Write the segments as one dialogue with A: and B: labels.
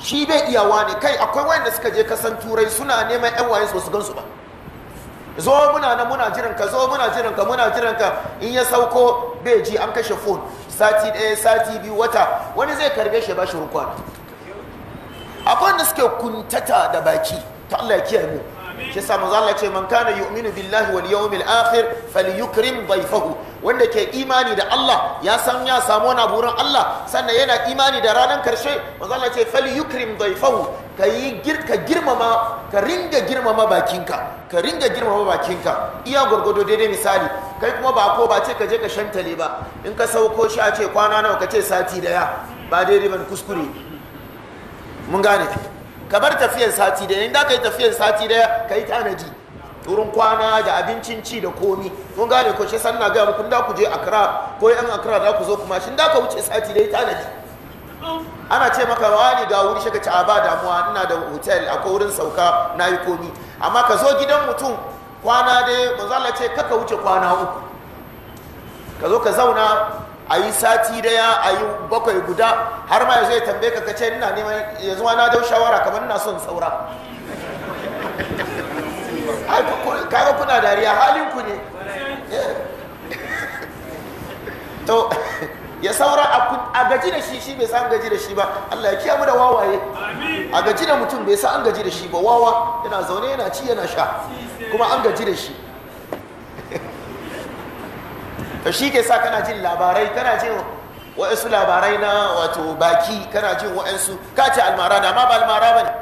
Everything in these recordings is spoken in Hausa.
A: shi bai iyawa ne kai akwai wanda suka je kasan turai suna neman yan waye ba su gansu ba zo muna nan muna jiran ka zo muna jiran ka muna jiran ka in ya sauko bai ji an kashe phone sati ɗaya sati biyu wata wani zai karbe shi ba shi rukwana akwai wanda suke kuntata da baki ta Allah ya kiyaye mu shi yasa manzo Allah ce man kana yu'minu billahi wal yawmil akhir falyukrim dayfahu wanda ke imani da Allah ya san ya samu wani Allah sannan yana imani da ranar karshe manzo Allah ce falyukrim dayfahu kayi ka girmama ka ringa girmama bakinka ka ringa girmama bakinka iya gwargwado daidai misali kai kuma ba ko ba ce ka je ka shantale ba in ka sauko shi a ce kwana nawa ka ce sati daya ba daidai ban kuskure mun gane ka bar tafiyar sati da in da ka yi tafiyar sati daya ka yi tanaji wurin kwana da abincin ci da komi Mun gane ko shi sanna ga muku da ku je akra?" ko yan akra da ku zo kuma shin da ka wuce sati yi tanaji ana ce maka wani ga wuri shi ci a ba damuwa ina da hotel akwai wurin sauka na yi komi amma ka zo gidan mutum kwana dai manzo Allah ce kaka wuce kwana uku ka zo ka zauna a yi sati daya a yi bakwai guda har ma yanzu ya tambaye ka kace ina neman yanzu ma na dau shawara kamar ina son saura kaga kuna dariya halin ku ne eh. to ya saura a gaji da shi shi bai san gaji da shi ba Allah ya kiyamu da wawaye a gaji da mutum bai san an gaji da shi ba wawa yana zaune yana ci yana sha kuma an gaji da shi to shi ke sa kana jin labarai kana jin wa'insu labarai na wato baki kana jin wa'insu ka ce almara da ma ba almara ba ne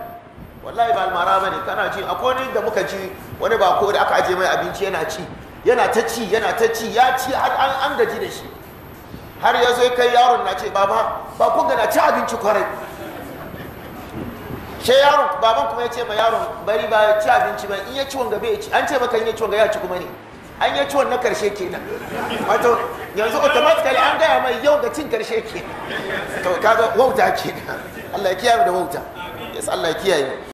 A: wallahi ba almara ba ne kana jin akwai da muka ji wani ba ko da aka aje mai abinci yana ci yana ta ci yana ta ci ya ci har an an gaji da shi har ya zo kai yaron na ce baba ba kun gana ci abinci kwarai ce yaron baban kuma ya ce ma yaron bari ba ci abinci ba in ya ci wanga bai ci an ce maka in ya ci wanga ya ci kuma ne an yi ciwon na karshe kenan wato yanzu automatically an gaya mai yau da cin karshe ke to kaga wauta kenan Allah ya kiyaye da wauta yes Allah ya kiyaye